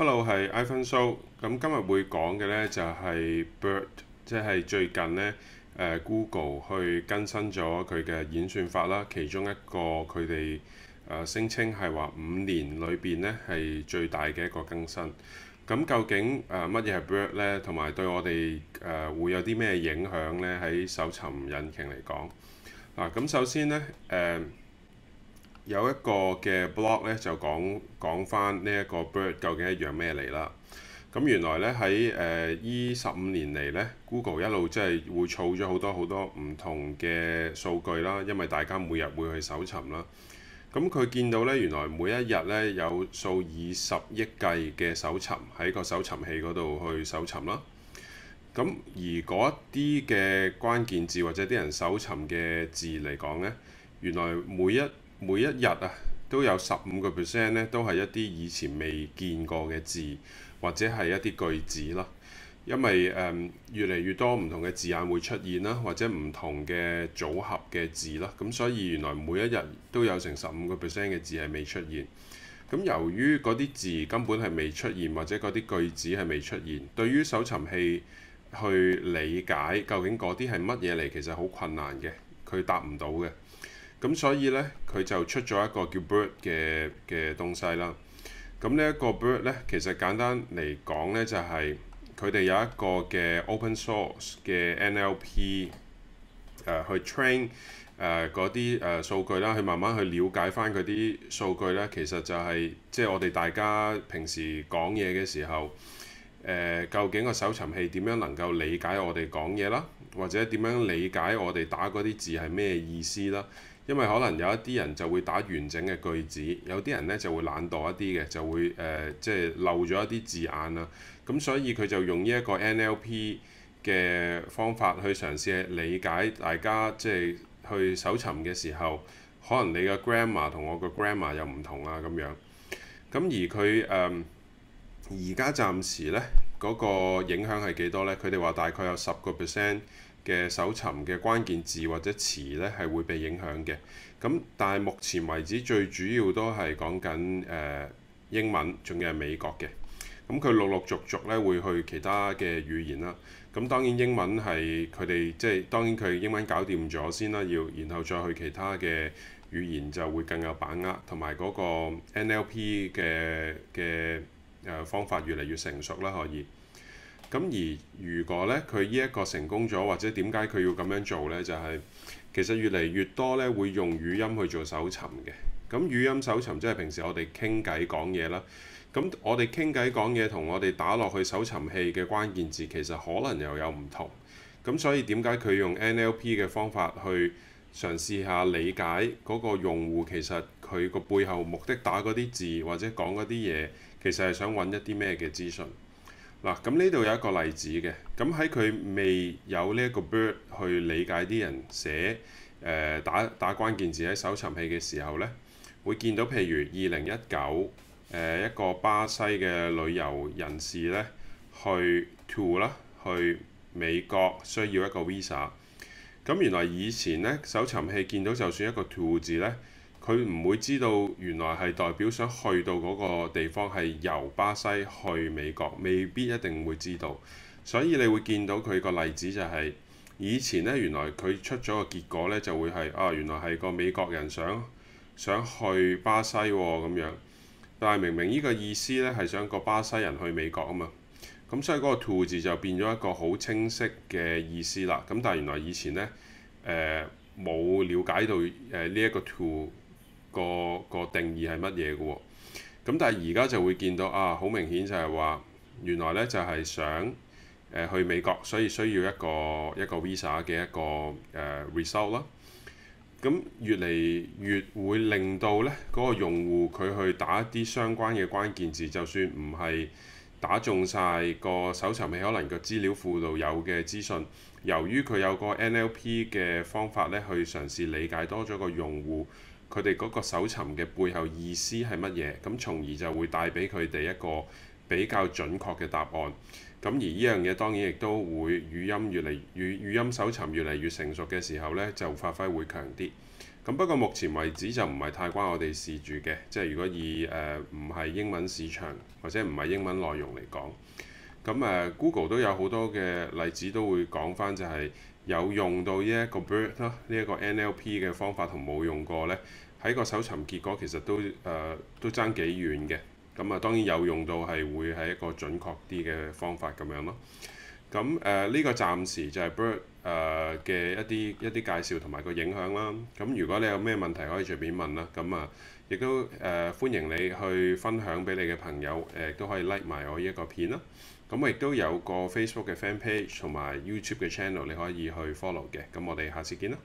Hello，係 iPhone Show。咁今日會講嘅呢就係 BERT，即係最近呢 Google 去更新咗佢嘅演算法啦。其中一個佢哋誒聲稱係話五年裏邊呢係最大嘅一個更新。咁究竟誒乜嘢係 BERT 呢？同埋對我哋誒會有啲咩影響呢？喺搜尋引擎嚟講嗱，咁首先呢。誒、呃。有一個嘅 blog 咧，就講講翻呢一個 bird 究竟一樣咩嚟啦。咁原來咧喺誒依十五年嚟咧，Google 一路即係會儲咗好多好多唔同嘅數據啦，因為大家每日會去搜尋啦。咁、嗯、佢見到咧，原來每一日咧有數以十億計嘅搜尋喺個搜尋器嗰度去搜尋啦。咁、嗯、而嗰啲嘅關鍵字或者啲人搜尋嘅字嚟講咧，原來每一每一日啊，都有十五個 percent 咧，都係一啲以前未見過嘅字，或者係一啲句子咯。因為誒、嗯、越嚟越多唔同嘅字眼會出現啦，或者唔同嘅組合嘅字咯。咁所以原來每一日都有成十五個 percent 嘅字係未出現。咁由於嗰啲字根本係未出現，或者嗰啲句子係未出現，對於搜尋器去理解究竟嗰啲係乜嘢嚟，其實好困難嘅，佢答唔到嘅。咁所以呢，佢就出咗一個叫 Bird 嘅嘅東西啦。咁呢一個 Bird 呢，其實簡單嚟講呢，就係佢哋有一個嘅 Open Source 嘅 NLP、呃、去 train 誒、呃、嗰啲誒、呃、數據啦，去慢慢去了解翻嗰啲數據呢，其實就係，即係我哋大家平時講嘢嘅時候，呃、究竟個搜尋器點樣能夠理解我哋講嘢啦，或者點樣理解我哋打嗰啲字係咩意思啦？因為可能有一啲人就會打完整嘅句子，有啲人呢就會懶惰一啲嘅，就會誒即係漏咗一啲字眼啦。咁所以佢就用呢一個 NLP 嘅方法去嘗試理解大家即係、就是、去搜尋嘅時候，可能你嘅 grammar 同我個 grammar 又唔同啊咁樣。咁而佢誒而家暫時呢嗰、那個影響係幾多呢？佢哋話大概有十個 percent。嘅搜尋嘅關鍵字或者詞呢係會被影響嘅。咁但係目前為止最主要都係講緊誒英文，仲要係美國嘅。咁佢陸陸續續呢會去其他嘅語言啦。咁、啊、當然英文係佢哋即係當然佢英文搞掂咗先啦，要然後再去其他嘅語言就會更有把握，同埋嗰個 NLP 嘅嘅誒、呃、方法越嚟越成熟啦，可以。咁而如果咧，佢呢一個成功咗，或者點解佢要咁樣做呢？就係其實越嚟越多咧，會用語音去做搜尋嘅。咁語音搜尋即係平時我哋傾偈講嘢啦。咁我哋傾偈講嘢同我哋打落去搜尋器嘅關鍵字，其實可能又有唔同。咁所以點解佢用 NLP 嘅方法去嘗試下理解嗰個用戶？其實佢個背後目的打嗰啲字或者講嗰啲嘢，其實係想揾一啲咩嘅資訊？嗱，咁呢度有一個例子嘅。咁喺佢未有呢一個 bird 去理解啲人寫、誒、呃、打打關鍵字喺搜尋器嘅時候呢，會見到譬如二零一九，誒一個巴西嘅旅遊人士呢去 to 啦，去美國需要一個 visa。咁原來以前呢，搜尋器見到就算一個 to 字呢。佢唔會知道原來係代表想去到嗰個地方係由巴西去美國，未必一定會知道。所以你會見到佢個例子就係、是、以前呢，原來佢出咗個結果呢，就會係啊原來係個美國人想想去巴西喎、哦、咁樣，但係明明呢個意思呢，係想個巴西人去美國啊嘛。咁所以嗰個 to 字就變咗一個好清晰嘅意思啦。咁但係原來以前呢，誒、呃、冇了解到誒呢一個 to。個個定義係乜嘢嘅喎？咁但係而家就會見到啊，好明顯就係話原來呢就係、是、想、呃、去美國，所以需要一個一個 visa 嘅一個誒、呃、result 啦。咁越嚟越會令到呢嗰、這個用戶佢去打一啲相關嘅關鍵字，就算唔係打中晒個搜尋器，可能個資料庫度有嘅資訊，由於佢有個 NLP 嘅方法呢，去嘗試理解多咗個用戶。佢哋嗰個搜尋嘅背後意思係乜嘢，咁從而就會帶俾佢哋一個比較準確嘅答案。咁而呢樣嘢當然亦都會語音越嚟語語音搜尋越嚟越成熟嘅時候呢，就發揮會強啲。咁不過目前為止就唔係太關我哋事住嘅，即係如果以誒唔係英文市場或者唔係英文內容嚟講，咁誒、啊、Google 都有好多嘅例子都會講返就係、是。有用到呢一個 BERT 咯，呢一個 NLP 嘅方法同冇用過呢，喺個搜尋結果其實都誒、呃、都爭幾遠嘅。咁、嗯、啊，當然有用到係會係一個準確啲嘅方法咁樣咯。咁誒呢個暫時就係 BERT 誒嘅一啲一啲介紹同埋個影響啦。咁、嗯、如果你有咩問題，可以隨便問啦。咁、嗯、啊。嗯亦都誒、呃、歡迎你去分享俾你嘅朋友，誒亦都可以 like 埋我呢一個片啦。咁我亦都有個 Facebook 嘅 Fan Page 同埋 YouTube 嘅 Channel，你可以去 follow 嘅。咁我哋下次見啦。